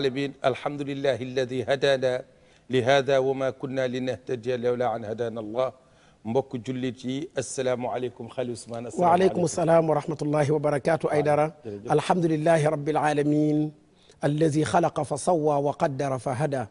العالمين الحمد لله الذي هدانا لهذا وما كنا لنهتدي لولا أن هدانا الله mbokk jullit yi asalaamualeykum xali Ousmane waaleykum salaam wa rahmatullahi wa barakaatu ay dara alhamdulilahi rabbil alamin alladi xalaqa fa sawwa wa qaddara fa hada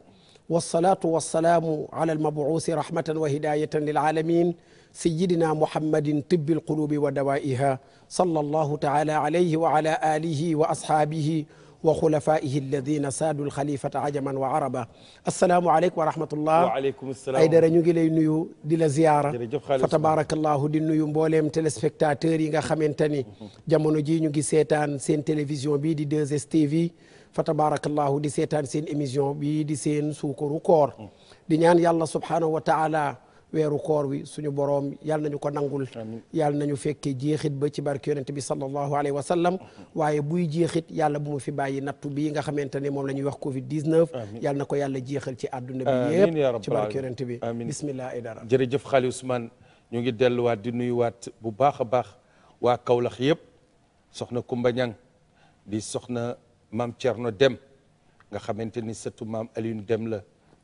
wasalaatu wasalaamu ala almabuusi rahmatan wa hidayatan lil alamin sayidina muhammadin tibbil qulubi wa dawaiha sallallahu taala alayhi wa ala alihi wa ashaabihi wa xulafaihi alladina saadul xalifata ajaman wa araba asalaamualeykum wa rahmatullah waaleykum salaam Aydara ñu ngi lay nuyu di la ziyaara fa tabarakallahu di nuyu mbooleem téléspectateurs yi nga xamante ni jamono ji ñu ngi seetaan seen télévision bii di 2STV fa tabarakallahu di seetaan seen émission bii di seen suukaru koor di ñaan yàlla subhanahu wa weeru koor wi suñu boroom yàlla nañu ko nangul yal nañu fekke jeexit ba ci barke yonent bi sallallahu alayhi wa sallam waaye buy jeexit yàlla bu mu fi bàyyi nattu bii nga xamante ne moom la ñuy wax covid 19 yal na ko yàlla jeexal ci àdduna bi yëpp ci barke yonent bi bismillah idara jërëjëf xaali Ousmane ñu ngi delluwaat di waat bu baax a baax waa Kaolack yëpp soxna Kumba Ñang di soxna maam Cerno Dem nga xamante ni sëtu maam Alioune Dem la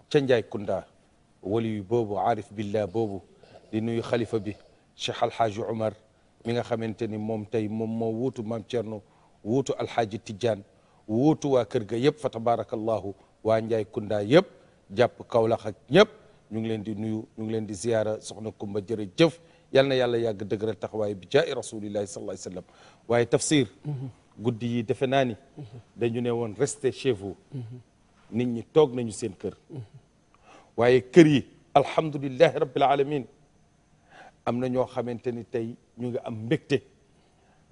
ca Njaay wali boobu aarif billah boobu di nuyu xalifa bi cheikh alxaaji Omar mi nga xamante ni moom tey moom moo wuutu maam Thierno wuutu alxaaji Tidiane wuutu waa kër ga yëpp fa tabarakallahu waa Njaay Kunda yëpp jàpp Kaolack ak ñëpp ñu ngi leen di nuyu ñu ngi leen di ziyaara soxna Kumba jërëjëf yal na yàlla yàgg dëgëral taxawaay bi jaay rasulillahi sallallahu alayhi wasallam waaye tafsir mhm. guddi yi defe naa ni mhm. dañu ne woon reste chez vous mhm. nit ñi toog nañu seen kër waaye kër yi alhamdulillahi rabbil alamin am na ñoo xamante ni tey ñu ngi am mbégte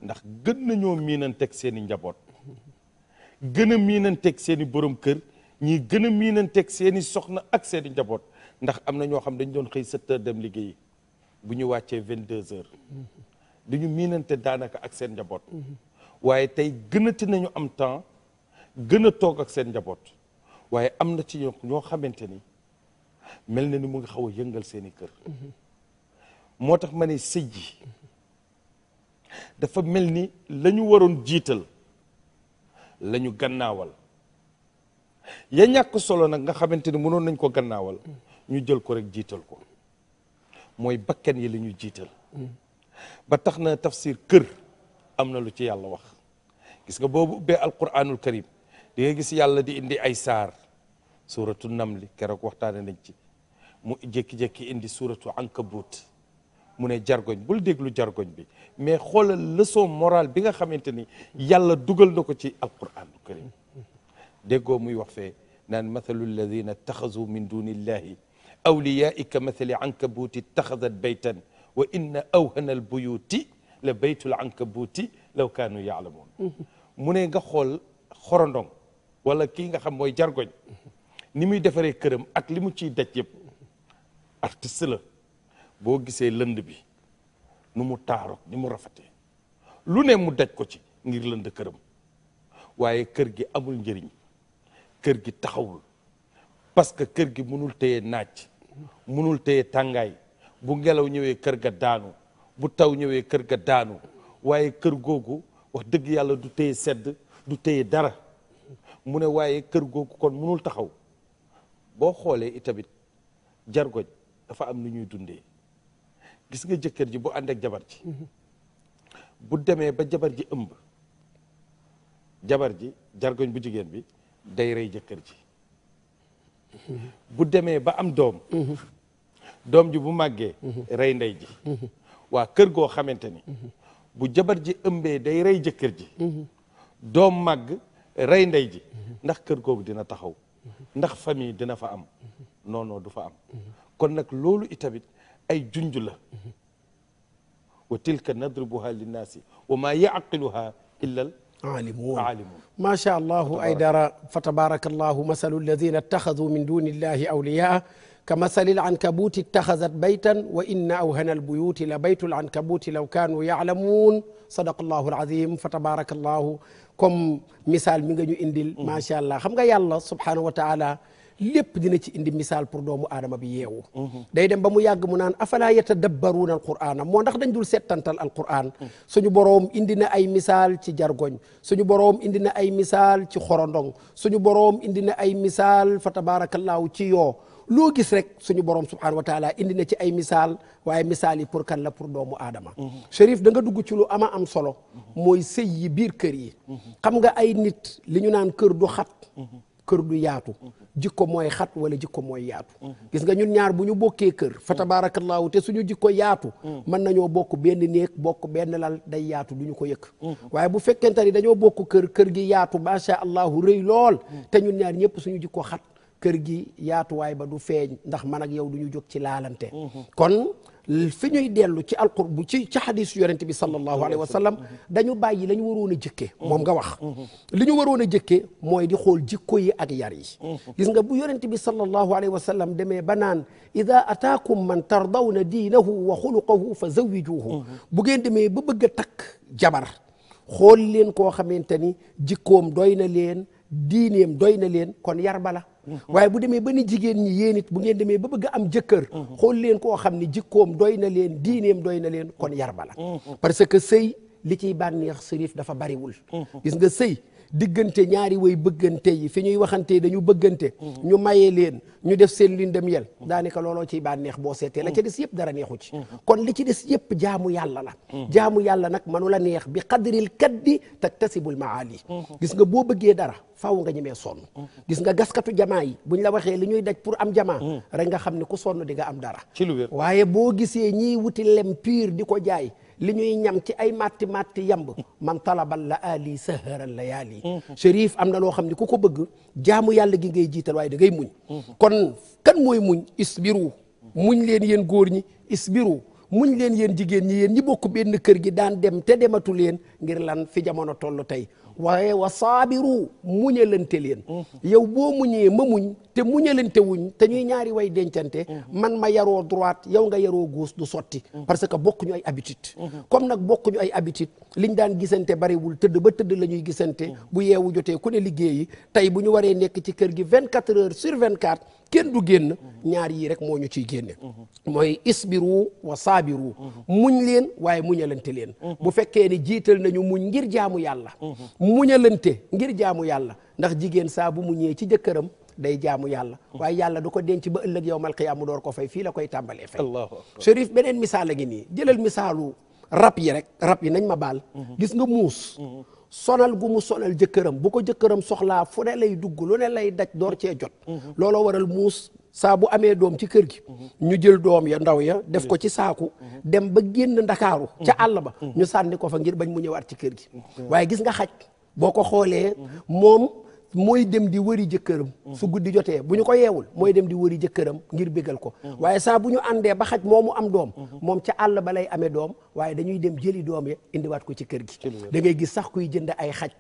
ndax gën nañoo miinanteeg seen seeni njaboot gën a miinanteeg seen i borom kër ñii gën a miinanteeg seen i soxna ak seeni njaboot ndax am na ñoo xam dañ doon xëy 7 heures dem liggéeyi bu ñu wàccee 22 heures du ñu miinante daanaka ak seen njaboot waaye tey gënati nañu am temps gën a toog ak seen njaboot waaye am na ci ñoo xamante ni. mel na ni mu ngi xaw a yëngal seeni kër moo tax ma ne sëy ji dafa mel ni lañu waroon jiital la ñu gannaawal ya ñàkk solo nag nga xamante ni mënoon nañ ko gannaawal ñu jël ko rek jiital ko mooy bakken yi la jiital ba tax na tafsir kër am na lu ci yàlla wax gis nga boobu ubbee alquranul karim di gis yàlla di indi ay saar suuratu namli keroog waxtaane nañ ci mu jékki-jékki indi suuratu ankabut mu ne jargoñ bul déglu jargoñ bi mais xoolal leçon moral bi nga xamante ni yàlla dugal na ko ci alquraanul karim déggoo muy wax fee naan mathalu alladina ittaxasu min duni illahi awliyaai ka mathali ankabuuti ittaxasat baytan wa inna awhana albuyuuti la baytul ankabuuti law kaanu yaalamuun mm-hmm. mu ne nga xool xorondong wala kii nga xam mooy jargoñ ni muy defaree këram ak li mu ciy daj yëpp artiste la boo gisee lënd bi nu mu taaroog ni mu rafetee lu ne mu daj ko ci ngir lënd këram waaye kër gi amul njëriñ kër gi taxawul parce que kër gi mënul téye naaj mënul téye tàngaay bu ngelaw ñëwee kër ga daanu bu taw ñëwee kër ga daanu waaye kër googu wax dëgg yàlla du téye sedd du téye dara mu ne waaye kër googu kon mënul taxaw boo xoolee itamit jargoñ dafa am lu ñuy dundee gis nga jëkkër ji bu àndeek jabar ji mhm. bu demee ba jabar ji ëmb jabar ji jargoñ bu jigéen bi day rey jëkkër ji mhm. bu demee ba am doom mhm. doom ji bu màggee rey ndey ji waa kër goo xamante ni bu jabar ji ëmbee day rey jëkkër ji doom màgg rey ndey ji ndax kër googu dina taxaw ndax famille dina fa am non non du fa am kon nag loolu itamit ay junj la wa tilka nadribuha linnaasi wa maa yaqiluha illal aalimuun aalimuun macha allahu ay dara fa tabaraka allahu masalu alladina ittaxadu min duni illahi awliyaa ka masali lankabuuti ittaxadat baytan wa inna awhana albuyuuti la baytu lankabuuti law kaanu yaclamuun sadaqa allahu alazim fa tabaraka allahu comme misaal mi nga ñu indil mm. macha allah xam nga yàlla subhaanahu wa taala lépp dina ci indi misaal pour doomu aadama bi yeewu mm-hmm. day dem ba mu yàgg mu naan afala yatadabbaruuna alqur'ana moo ndax dañ dul settantal alqur'an mm. suñu boroom indi na ay misaal ci jargoñ suñu boroom indi na ay misaal ci xorondong suñu boroom indi na ay misaal fa tabaarakallaahu ci yoo loo gis rek suñu borom subhanahu wa taala indi na ci ay misaal waaye misaal yi pour kan la pour doomu aadama Chérif danga dugg ci lu ama am solo mooy sëy yi biir kër yi xam nga ay nit li ñu naan kër du xat kër du yaatu jikko mooy xat wala jikko mooy yaatu gis nga ñun ñaar bu ñu bokkee kër fa tabaarakallaahu te suñu jikko yaatu mën nañoo bokk benn néeg bokk benn lal day yaatu du ñu ko yëkk waaye bu fekkente ni dañoo bokk kër kër gi yaatu macha allahu rëy lool te ñun ñaar ñëpp suñu jikko xat kër gi yaatuwaay ba du feeñ ndax man ak yow du ñu jóg ci laalante mhm. kon fi ñuy dellu ci alqur bu ci ci xadis yonent bi sallallahu alayhi wa sallam mhm. dañu bàyyi la ñu waroon a mhm. moom nga wax li ñu waroon a mooy di xool jikko yi ak yar yi gis nga bu yonent bi sallallahu alayhi wa sallam demee ba naan ida ataakum man na diinahu wa xuluqahu fa zawijuhu bu ngeen demee ba bëgg a takk jabar xool leen koo xamante ni jikkoom doy na leen diineem doy leen kon waaye bu demee ba ni jigéen ñi yéen it bu ngeen demee ba bëgg a am jëkkër xool leen koo xam ni jikkoom doy na leen diineem doy na leen kon yarba la mm-hmm. parce que sëy li ciy bànneex sërif dafa bariwul mm-hmm. gis nga sëy diggante ñaari way bëggante yi fi ñuy waxantee dañu bëggante ñu mayee leen ñu def seen lin dem yel daanaka looloo ciy bànneex boo seetee la ca des yëpp dara neexu ci kon li ci des yëpp jaamu yàlla la jaamu yàlla nag manu la neex bi qadril kaddi taktasibul maali gis nga boo bëggee dara faaw nga ñemee sonn gis nga gaskatu jamaa yi buñ la waxee li ñuy daj pour am jamaa rek nga xam ne ku sonn di nga am dara ci lu waaye boo gisee ñiy wuti lem pur di ko jaay li ñuy ñam ci ay matti matti yamb man talabal la ali saharal la yaali mm-hmm. chérif am na loo xam ne ku ko bëgg jaamu yàlla gi ngay jiital waaye da ngay muñ mm-hmm. kon kan mooy muñ isbiru muñ leen yéen góor ñi isbiru muñ leen yéen jigéen ñi yéen ñi bokk benn kër gi daan dem te dematu leen ngir lan fi jamono toll tey waaye wa saabiru muñalante leen yow boo muñee ma muñ te muñalante wuñ te ñuy ñaari way dencante man ma yaroo droite yow nga yaroo gauche du sotti parce que bokkuñu ay habitude comme nag bokkuñu ay habitude liñ daan gisante bariwul tëdd ba tëdd la ñuy gisante bu yeewu jotee ku ne liggéeyi tey bu ñu waree nekk ci kër gi vingt quatre heures sur vingt quatre kenn du génn ñaar yii rek moo ñu ciy génne mooy isbiru wa saabiru muñ leen waaye muñalante leen bu fekkee ni jiital nañu muñ ngir jaamu yàlla muñalante ngir jaamu yàlla ndax jigéen saa bu muñee ci jëkkëram day jaamu yàlla waaye yàlla du ko denc ba ëllëg yow mal qiyaama door ko fay fii la koy tàmbalee fay Chérif beneen misaal gi nii jëlal misaalu rab yi rek rab yi nañ ma baal mhm. gis nga muus mhm. sonal gu mu sonal jëkkëram bu ko jëkkëram soxlaa fu ne lay dugg lu ne lay daj door cee jot mhm. looloo waral muus saa bu amee doom ci kër gi ñu jël doom ya ndaw ya def ko ci saaku dem ba génn ndakaaru ca àll ba ñu sànni ngir bañ mu ñëwaat ci kër gi boo ko xoolee moom mooy dem di wëri jëkkëram su guddi jotee bu ñu ko yeewul mooy dem di wëri jëkkëram ngir bégal ko waaye saa bu ñu àndee ba xaj moomu am doom moom ca àll ba lay amee doom waaye dañuy dem jëli doom yi indiwaat ko ci kër gi da ngay gis sax kuy jënd ay xaj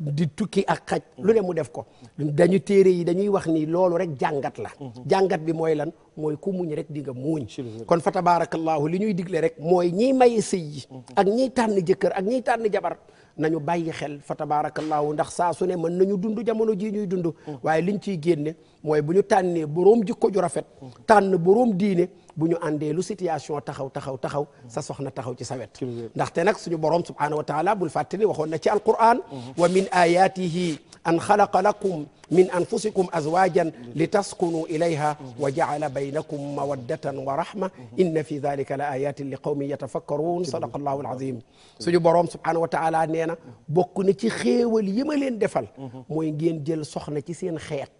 di tukki ak xaj lu ne mu def ko dañu téere yi dañuy wax ni loolu rek jàngat la jàngat bi mooy lan mooy ku muñ rek di nga muuñ kon fa tabaarakallaahu li ñuy digle rek mooy ñiy may sëy yi ak ñiy tànn jëkkër ak ñiy tànn jabar nañu bàyyi xel fa tabaarakallaahu ndax saa su ne mën nañu dundu jamono jii ñuy dund mm. waaye liñ ciy génne mooy bu ñu tànnee boroom jikko ju rafet tànn boroom diine bu ñu àndee lu situation taxaw taxaw taxaw sa soxna taxaw ci sawet wet ndaxte nag suñu borom subhanahu wa taala bul fàttali waxoon na ci alquran wa min ayatihi an xalaqa lakum min anfusikum azwajan li taskunu ilayha wa jaala baynakum mawaddatan wa rahma inna fi dalika la ayatin li qawmin yatafakkarun sadaqa allahu alazim suñu borom subhanahu wa taala nee na bokk na ci xéewal yi ma leen defal uhuh. mooy ngeen jël soxna ci seen xeet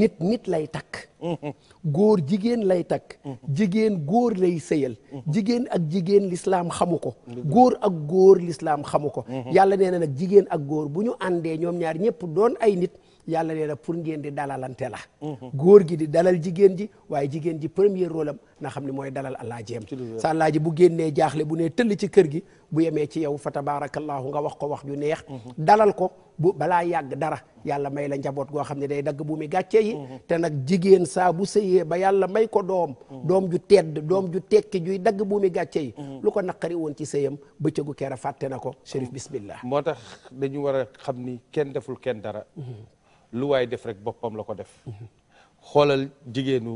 nit nit lay takk góor jigéen lay takk jigéen góor lay sëyal jigéen ak jigéen lislaam xamu ko góor ak góor lislaam xamu ko mhm. yàlla nee na nag jigéen ak góor bu ñu àndee ñoom ñaar ñëpp doon ay nit yàlla nee na pour ngeen di dalalante la mhm. góor gi di dalal jigéen ji waaye jigéen ji premier rôle am na xam ne mooy dalal allaajeem sa allaaji bu génnee jaaxle bu nee tëll ci kër gi bu yemee ci yow fa tabaarakallaahu nga wax ko wax ju neex mhm. dalal ko bu balaa yàgg dara yàlla may la njaboot goo xam ne day dagg bu mi gàcce yi mm-hmm. te nag jigéen saa bu sëyee ba yàlla may ko doom mm-hmm. doom ju tedd doom ju tekki juy dagg bu mi gàcce yi mm-hmm. lu ko naqari woon ci sëyam bëccëgu kera fàtte na ko shérif bismillah moo tax dañu war a xam ni kenn deful kenn dara lu waay def rek boppam la ko def xoolal jigéenu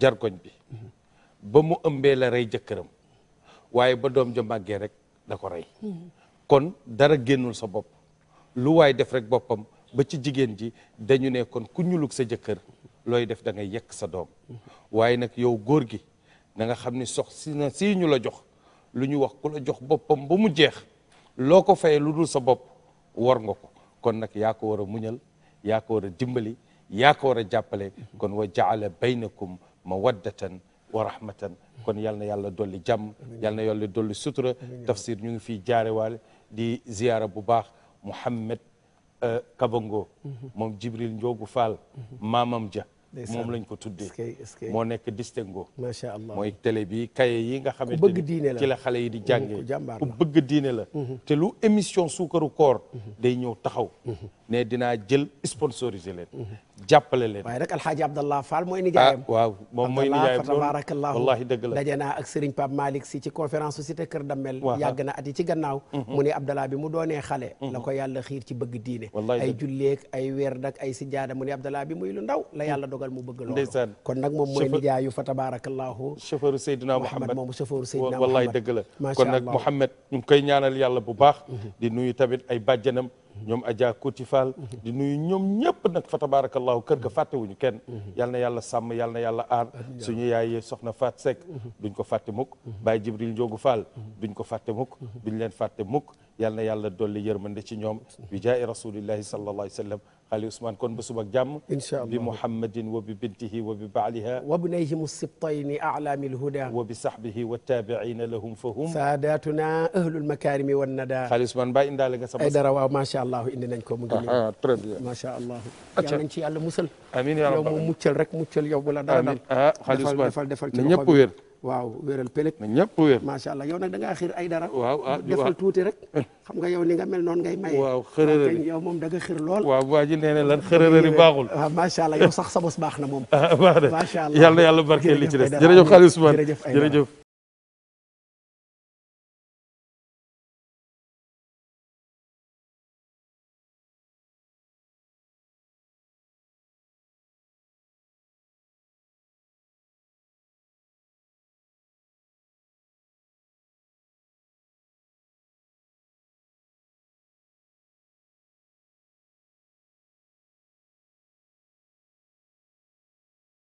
jargoñ bi ba mu ëmbee la rey jëkkëram waaye ba doom ju màggee rek da ko rey kon dara génnul sa bopp lu waay def rek boppam ba ci jigéen ji dañu ne kon ku ñulug sa jëkkër looy def da ngay yekk sa doom waaye nag yow góor gi danga xam ni sox si na sii ñu la jox lu ñu wax ku la jox boppam ba mu jeex loo ko fayee lu dul sa bopp war nga ko kon nag yaako ko war a muñal yaako ko a dimbali yaa ko a jàppale kon wa jaala baynakum mawaddatan wa rahmatan kon yal na yàlla dolli jàmm yal na yàlla dolli sutura tafsir ñu ngi fiy jaarewaale di ziyaara bu baax Mouhamed euh, Kabango mhm. moom Jibril Njoogu Fall mhm. maamam ja moom lañ ko tuddee moo nekk distingo macha allah mooy télé bi kaye yi nga xamante bëgg diine la ci xale yi di jàngee ku bëgg diine la te lu émission suukaru koor mhm. day ñëw taxaw ne dinaa jël sponsorisé leen jàppale leen waaye nag alxaaji abdallah fall mooy ah, nijaayam waaw moom mooy nijaayam tabarakallahu wallahi dëgg la daje naa ak sëriñ Pape Malick si ci conférence société Kër Damel yàgg na at yi ci gannaaw mhm. mu ne abdallah bi mu doonee xale mhm. la ko yàlla xiir ci bëgg diine ay julleeg ay weer nag ay sijaada mu ne abdallah bi muy lu ndaw la yàlla mhm. dogal mu bëgg loolu kon nag moom mooy nijaayu fa tabarakallahu chauffeur Seydina Mouhamed moom chauffeur Seydina Mouhamed wallahi dëgg la kon nag Mouhamed ñu ngi koy ñaanal yàlla bu baax di nuyu tamit ay bàjjanam ñoom Adja Koti Fall di nuyu ñoom ñëpp nag fa tabarakallahu kër ga fàttewuñu kenn yal na yàlla sàmm yal na yàlla aar suñu yaay soxna faat Seck duñ ko fàtte mukk Baye Jibril Njoogu Fall duñ ko fàtte mukk duñ leen fàtte mukk yal na yàlla dolli yërmande ci ñoom bi jaay rasulillahi sallallahu alayhi wa sallam xaali Ousmane kon ba suba ak jàmm incha allah bi Muhammadin wa bi bintihi wa bi baaliha wa bnayhim sibtayni a'laami lhuda wa bi sahbihi wa taabiina lahum fa hum saadatuna ahlul makarimi wan nada xaali Ousmane mbaa indaale nga sama ay dara waaw macha allah indi nañ ko mu ngi nii très bien macha allah yal nañ ci yàlla musal amiin yow moom muccal rek muccal yow bu la dara dal defal defal ci ñëpp wér waaw wéral peleg na ñëpp wér macha allah yow nag da ngaa xiir ay dara waaw ah defal tuuti rek eh. xam ga yow ni nga mel noonu ngay maye waaw xërërëri yow moom da lool waaw waa ji nee ne lan xërërëri baaxul waaw macha allah yow sax sa bos baax na moom ah, baax na macha allah yàlla yàlla barkeel li ci